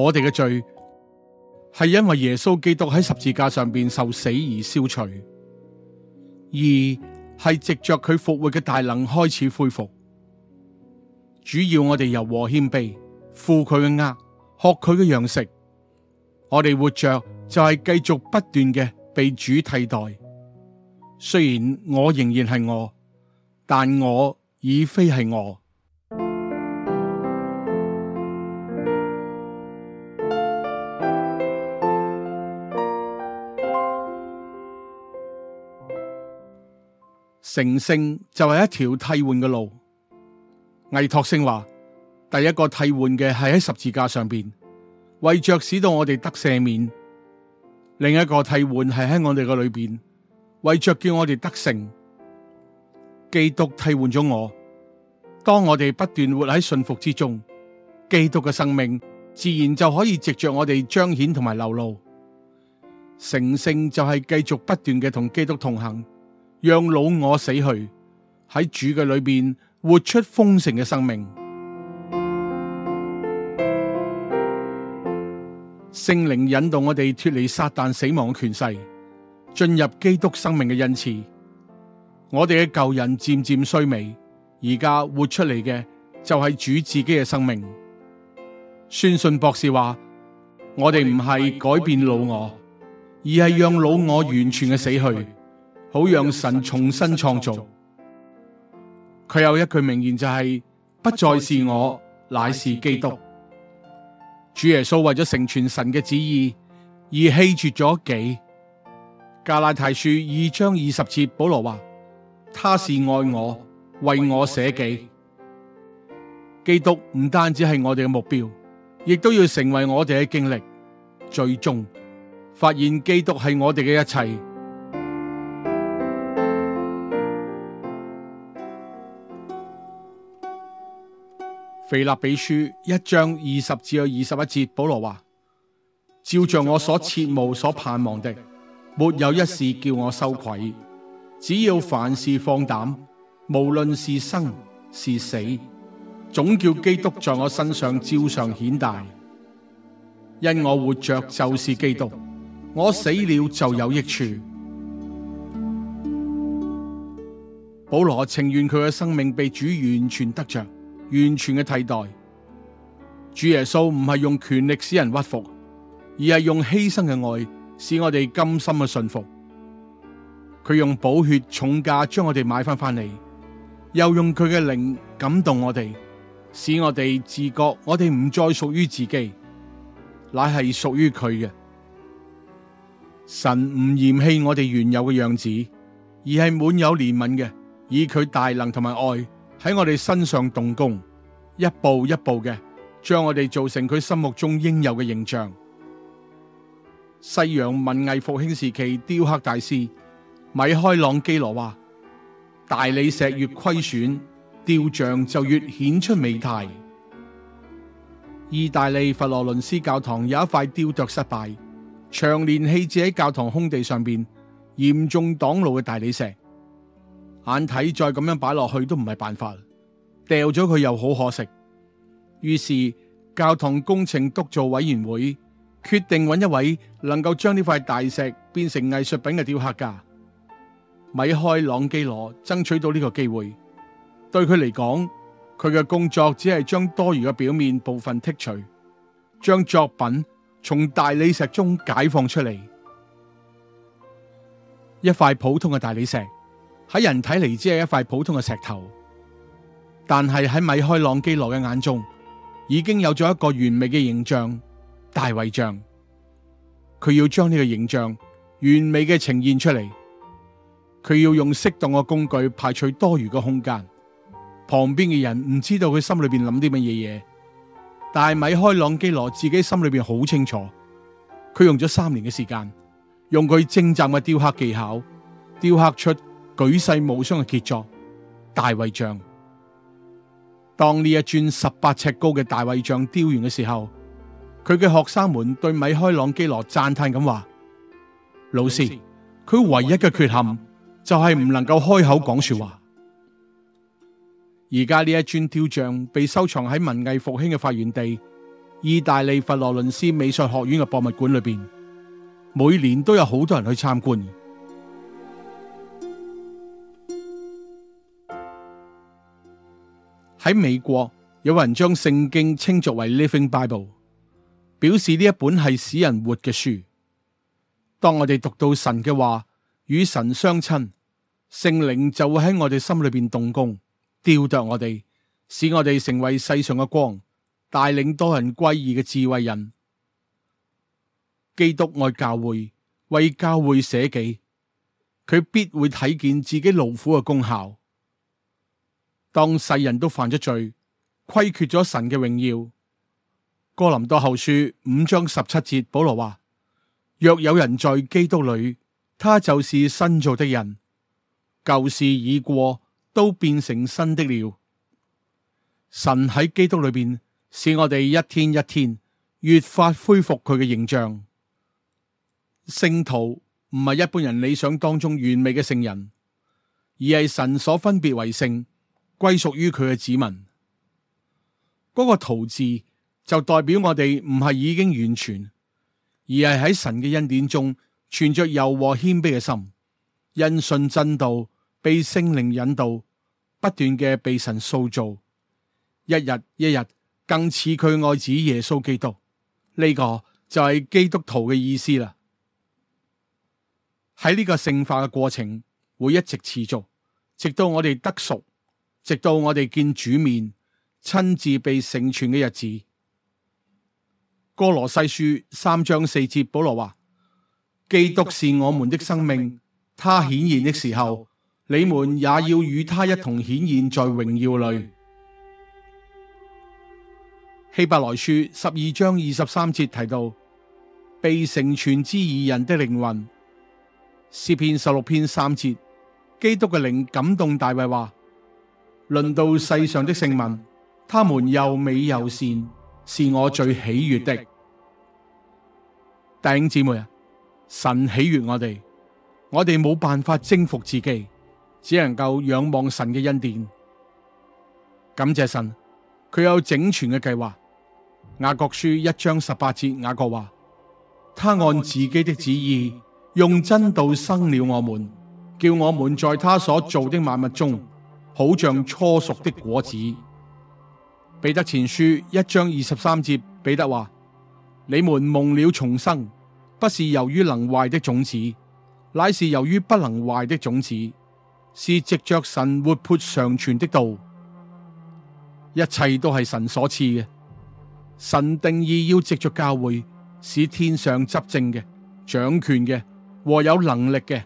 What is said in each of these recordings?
我哋嘅罪係因為耶穌基督喺十字架上邊受死而消除，二係藉着佢復活嘅大能開始恢復。主要我哋柔和謙卑、負佢嘅軛、學佢嘅樣式，我哋活着就係繼續不斷嘅被主替代。雖然我仍然係我，但我已非係我。成聖就係一條替換嘅路。艾托聖話，第一個替換嘅係喺十字架上邊，為着使到我哋得赦免；另一個替換係喺我哋嘅裏邊，為着叫我哋得聖。基督替換咗我，當我哋不斷活喺信服之中，基督嘅生命自然就可以藉着我哋彰顯同埋流露。成聖就係繼續不斷嘅同基督同行。讓老我死去，喺主嘅裏邊活出豐盛嘅生命。聖靈引導我哋脫離撒旦死亡嘅權勢，進入基督生命嘅恩賜。我哋嘅舊人漸漸衰微，而家活出嚟嘅就係主自己嘅生命。宣信博士話：我哋唔係改變老我，而係讓老我完全嘅死去。好讓神重新創造，佢有一句名言就係、是、不再是我，乃是基督。主耶穌為咗成全神嘅旨意而棄絕咗己。加拉太書二章二十節，保羅話：他是愛我，為我捨己。基督唔單止係我哋嘅目標，亦都要成為我哋嘅經歷，最終發現基督係我哋嘅一切。腓立比書一章二十至二十一節，保羅話：照着我所切慕所盼望的，沒有一事叫我羞愧；只要凡事放膽，無論是生是死，總叫基督在我身上照常顯大。因我活着就是基督，我死了就有益處。保羅情願佢嘅生命被主完全得着。完全嘅替代，主耶穌唔係用權力使人屈服，而係用犧牲嘅愛使我哋甘心嘅信服。佢用寶血重價將我哋買翻翻嚟，又用佢嘅靈感動我哋，使我哋自覺我哋唔再屬於自己，乃係屬於佢嘅。神唔嫌棄我哋原有嘅樣子，而係滿有憐憫嘅，以佢大能同埋愛喺我哋身上動工，一步一步嘅將我哋做成佢心目中應有嘅形象。西洋文藝復興時期雕刻大師米開朗基羅話：大理石越虧損，雕像就越顯出美態。意大利佛羅倫斯教堂有一塊雕琢失敗、長年棄置喺教堂空地上邊、嚴重擋路嘅大理石。眼睇再咁樣擺落去都唔係辦法，掉咗佢又好可惜。於是教堂工程督造委員會決定揾一位能夠將呢塊大石變成藝術品嘅雕刻家。米開朗基羅爭取到呢個機會，對佢嚟講，佢嘅工作只係將多餘嘅表面部分剔除，將作品從大理石中解放出嚟，一塊普通嘅大理石。喺人睇嚟，只係一塊普通嘅石頭，但係喺米開朗基羅嘅眼中已經有咗一個完美嘅形象大衛像佢要將呢個形象完美嘅呈現出嚟，佢要用適當嘅工具排除多餘嘅空間。旁邊嘅人唔知道佢心裏邊諗啲乜嘢嘢，但係米開朗基羅自己心裏邊好清楚。佢用咗三年嘅時間，用佢精湛嘅雕刻技巧雕刻出舉世無雙嘅傑作《大衛像》，當呢一尊十八尺高嘅《大衛像》雕完嘅時候，佢嘅學生們對米開朗基羅讚嘆咁話：老師，佢唯一嘅缺陷就係唔能夠開口講說話。而家呢一尊雕像被收藏喺文藝復興嘅發源地意大利佛羅倫斯美術學院嘅博物館裏邊，每年都有好多人去參觀。喺美國，有人將聖經稱作為 Living Bible，表示呢一本係使人活嘅書。當我哋讀到神嘅話，與神相親，聖靈就會喺我哋心裏邊動工，雕琢我哋，使我哋成為世上嘅光，帶領多人歸義嘅智慧人。基督愛教會，為教會捨己，佢必會睇見自己勞苦嘅功效。當世人都犯咗罪，虧缺咗神嘅榮耀。哥林多後書五章十七節，保羅話：若有人在基督裏，他就是新造的人，舊事已過，都變成新的了。神喺基督裏邊，使我哋一天一天越發恢復佢嘅形象。聖徒唔係一般人理想當中完美嘅聖人，而係神所分別為聖。歸屬於佢嘅子民，嗰個徒字就代表我哋唔係已經完全，而係喺神嘅恩典中存着柔和謙卑嘅心，因信真道被聖靈引導，不斷嘅被神塑造，一日一日更似佢愛子耶穌基督。呢個就係基督徒嘅意思啦。喺呢個聖化嘅過程會一直持續，直到我哋得贖。直到我哋見主面、親自被成全嘅日子，哥羅西書三章四節，保羅話：基督是我們的生命，他顯現的時候，你們也要與他一同顯現在榮耀裏。希伯來書十二章二十三節提到被成全之義人的靈魂，詩篇十六篇三節，基督嘅靈感動大衛話。輪到世上的聖民，他們又美又善，是我最喜悦的。弟兄姊妹啊，神喜悦我哋，我哋冇辦法征服自己，只能夠仰望神嘅恩典。感謝神，佢有整全嘅計劃。雅各書一章十八節，雅各話：他按自己的旨意用真道生了我們，叫我們在他所做的萬物中。好像初熟的果子。彼得前書一章二十三節，彼得話：你們蒙了重生，不是由於能壞的種子，乃是由於不能壞的種子，是藉着神活潑常存的道。一切都係神所賜嘅。神定意要藉着教會，使天上執政嘅、掌權嘅和有能力嘅，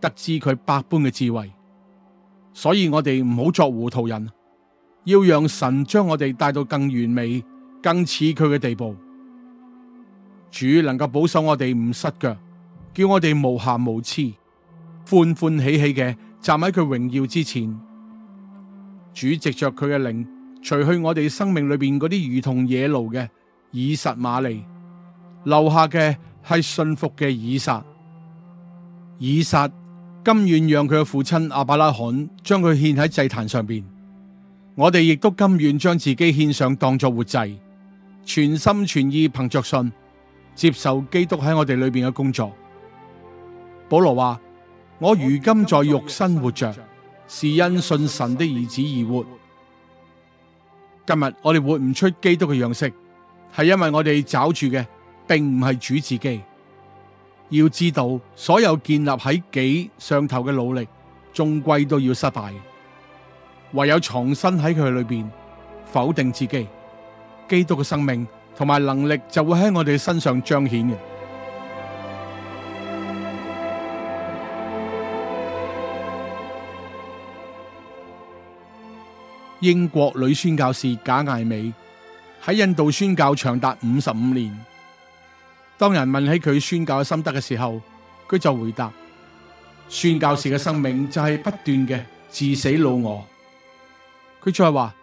得知佢百般嘅智慧。所以我哋唔好作糊塗人，要讓神將我哋帶到更完美、更似佢嘅地步。主能夠保守我哋唔失腳，叫我哋無瑕無疵，歡歡喜喜嘅站喺佢榮耀之前。主藉着佢嘅靈，除去我哋生命裏邊嗰啲如同野驢嘅以實瑪利，留下嘅係信服嘅以撒，以撒。甘願讓佢嘅父親亞伯拉罕將佢獻喺祭壇上面。我哋亦都甘願將自己獻上當作活祭，全心全意憑着信接受基督喺我哋裏面嘅工作。保羅話，我如今在肉身活着，是因信神的兒子而活。今日我哋活唔出基督嘅樣式，係因為我哋找住嘅並唔係主自己。要知道，所有建立喺己上頭嘅努力，終歸都要失敗。唯有藏身喺佢裏邊，否定自己，基督嘅生命同埋能力就會喺我哋身上彰顯嘅。英國女宣教士賈艾美喺印度宣教長達五十五年。當人問起佢宣教嘅心得嘅時候，佢就回答：宣教士嘅生命就係不斷嘅治死老我。佢再話：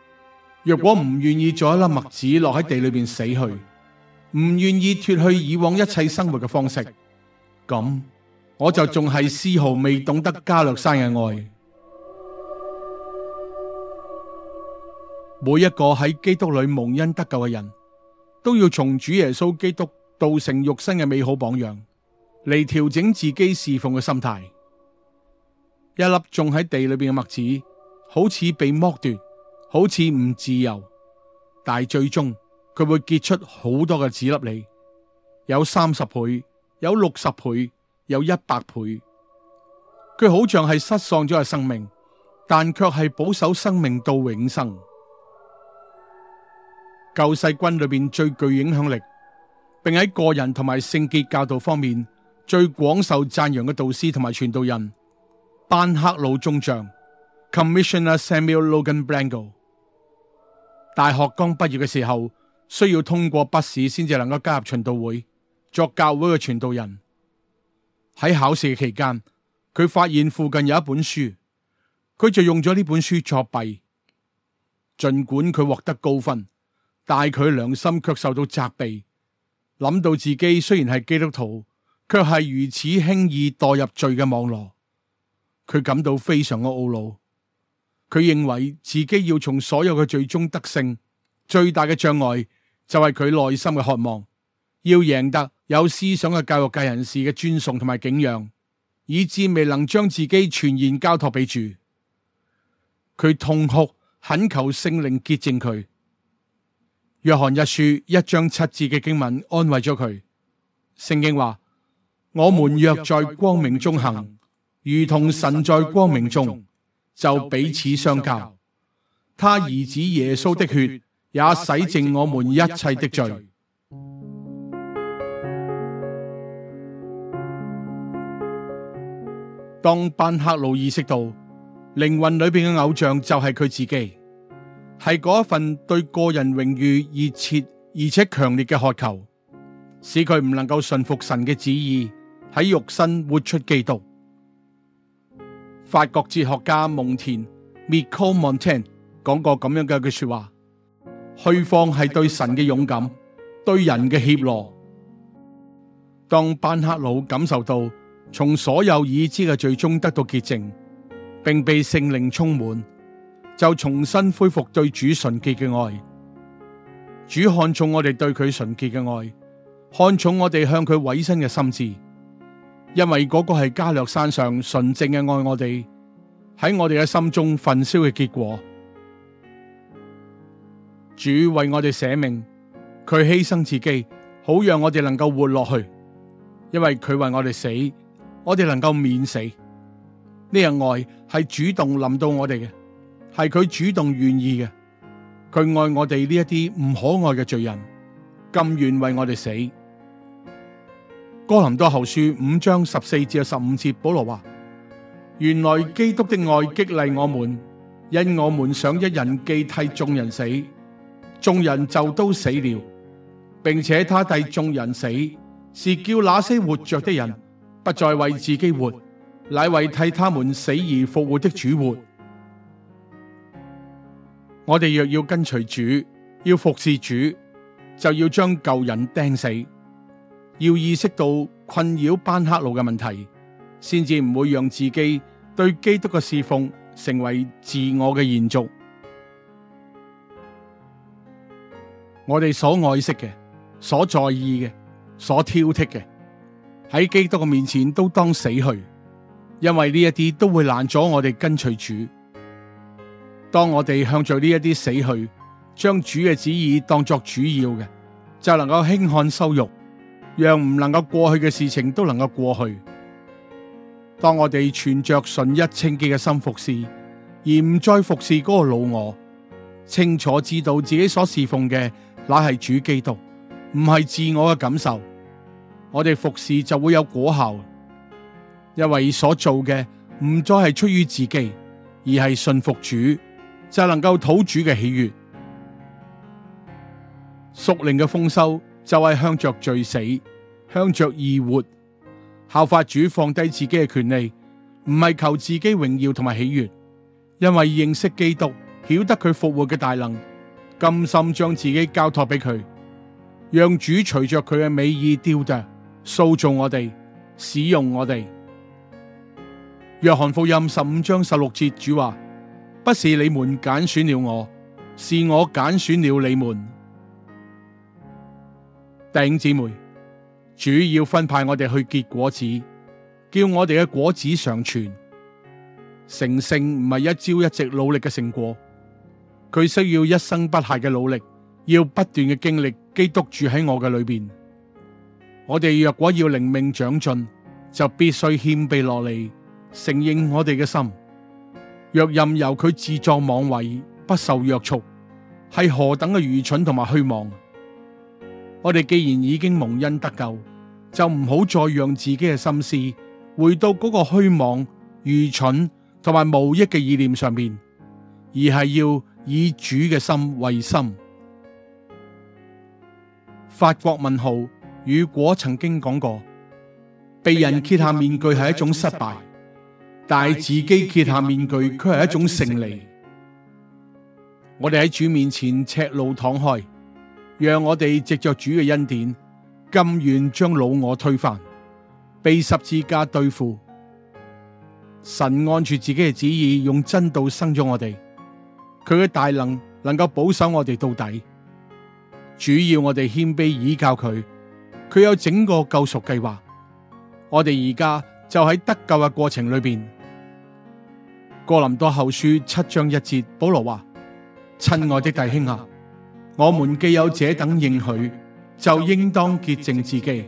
若果唔願意做一粒麥子落喺地裏邊死去，唔願意脱去以往一切生活嘅方式，咁我就仲係絲毫未懂得加略山嘅愛。每一個喺基督裏蒙恩得救嘅人，都要從主耶穌基督。道成肉身嘅美好榜樣，嚟調整自己侍奉嘅心態。一粒種喺地裏邊嘅麥子，好似被剝奪，好似唔自由，但係最終佢會結出好多嘅籽粒嚟，有三十倍，有六十倍，有一百倍。佢好像係失喪咗嘅生命，但卻係保守生命到永生。救世軍裏邊最具影響力。並喺個人同埋聖潔教導方面最廣受讚揚嘅導師同埋傳道人班克魯中將 Commissioner Samuel Logan Brengle，大學剛畢業嘅時候需要通過筆試先至能夠加入傳道會作教會嘅傳道人。喺考試期間，佢發現附近有一本書，佢就用咗呢本書作弊。盡管佢獲得高分，但係佢良心卻受到責備。諗到自己雖然係基督徒，卻係如此輕易墮入罪嘅網絡，佢感到非常嘅懊惱。佢認為自己要從所有嘅罪中得勝，最大嘅障礙就係佢內心嘅渴望，要贏得有思想嘅教育界人士嘅尊崇同埋景仰，以致未能將自己全然交託俾主。佢痛哭懇求聖靈潔淨佢。約翰一書一章七字嘅經文安慰咗佢。聖經話：我們若在光明中行，如同神在光明中，就彼此相交。他兒子耶穌的血也洗淨我們一切的罪。當班克魯意識到靈魂裏邊嘅偶像就係佢自己。係嗰一份對個人榮譽而切而且強烈嘅渴求，使佢唔能夠順服神嘅旨意喺肉身活出基督。法國哲學家蒙田 （Michel m o n t a n e 講過咁樣嘅一句說話：虛放係對神嘅勇敢，對人嘅怯懦。當班克魯感受到從所有已知嘅最終得到結淨，並被聖靈充滿。就重新恢復對主純潔嘅愛，主看重我哋對佢純潔嘅愛，看重我哋向佢委身嘅心志。因為嗰個係加略山上純正嘅愛我哋喺我哋嘅心中焚燒嘅結果。主為我哋捨命，佢犧牲自己，好讓我哋能夠活落去，因為佢為我哋死，我哋能夠免死。呢樣愛係主動臨到我哋嘅。係佢主動願意嘅，佢愛我哋呢一啲唔可愛嘅罪人，甘願為我哋死。哥林多後書五章十四至十五節，保羅話：原來基督的愛激勵我們，因我們想一人既替眾人死，眾人就都死了，並且他替眾人死，是叫那些活着的人不再為自己活，乃為替他們死而復活的主活。我哋若要跟隨主，要服侍主，就要將舊人釘死。要意識到困擾班克路嘅問題，先至唔會讓自己對基督嘅侍奉成為自我嘅延續。我哋所愛惜嘅、所在意嘅、所挑剔嘅，喺基督嘅面前都當死去，因為呢一啲都會攔阻我哋跟隨主。當我哋向著呢一啲死去，將主嘅旨意當作主要嘅，就能夠輕看羞辱，讓唔能夠過去嘅事情都能夠過去。當我哋存着純一清潔嘅心服侍，而唔再服侍嗰個老我，清楚知道自己所侍奉嘅乃係主基督，唔係自我嘅感受，我哋服侍就會有果效，因為所做嘅唔再係出於自己，而係信服主。.就係能夠討主嘅喜悅，屬靈嘅豐收就係向着罪死，向着義活。效法主放低自己嘅權利，唔係求自己榮耀同埋喜悅，因為認識基督，曉得佢復活嘅大能，甘心將自己交託俾佢，讓主隨着佢嘅美意雕琢、塑造我哋、使用我哋。約翰福音十五章十六節主，主話。不是你們揀選了我，是我揀選了你們。弟兄姊妹，主要分派我哋去結果子，叫我哋嘅果子常存。成聖唔係一朝一夕努力嘅成果，佢需要一生不懈嘅努力，要不斷嘅經歷基督住喺我嘅裏邊。我哋若果要靈命長進，就必須謙卑落嚟，承認我哋嘅心。若任由佢自作妄為，不受約束，係何等嘅愚蠢同埋虛妄？我哋既然已經蒙恩得救，就唔好再讓自己嘅心思回到嗰個虛妄、愚蠢同埋無益嘅意念上面，而係要以主嘅心為心。法國文豪雨果曾經講過，被人揭下面具係一種失敗。但係自己揭下面具，佢係一種勝利。我哋喺主面前赤露躺開，讓我哋藉着主嘅恩典，甘願將老我推翻，被十字架對付。神按住自己嘅旨意，用真道生咗我哋，佢嘅大能能夠保守我哋到底。主要我哋謙卑倚靠佢，佢有整個救贖計劃。我哋而家就喺得救嘅過程裏邊。哥林多後書七章一節，保羅話：親愛的弟兄啊，我們既有這等應許，就應當潔淨自己，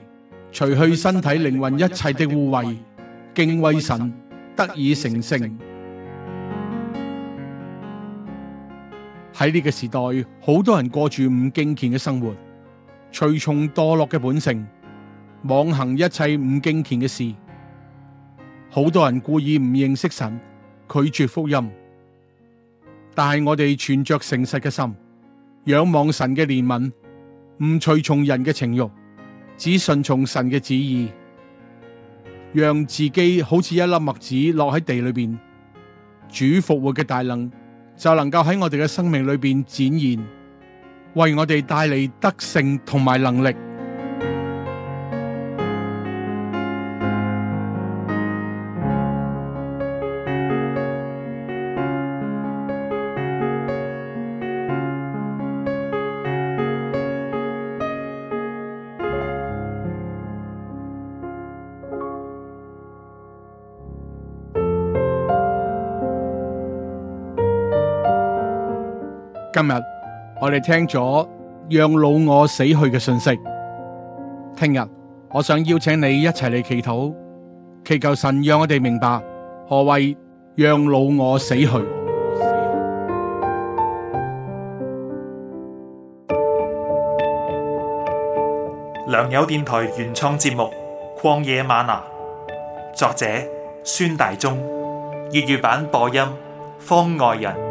除去身體、靈魂一切的污穢，敬畏神，得以成聖。喺呢 個時代，好多人過住唔敬虔嘅生活，隨從墮落嘅本性，妄行一切唔敬虔嘅事。好多人故意唔認識神。拒絕福音，但係我哋存着誠實嘅心，仰望神嘅憐憫，唔隨從人嘅情欲，只順從神嘅旨意，讓自己好似一粒麥子落喺地裏邊，主復活嘅大能就能夠喺我哋嘅生命裏邊展現，為我哋帶嚟得勝同埋能力。今日我哋聽咗讓老我死去嘅信息，聽日我想邀請你一齊嚟祈禱，祈求神讓我哋明白何謂讓老我死去。良友電台原創節目《曠野嗎哪》，作者孫大中，粵語版播音方外人。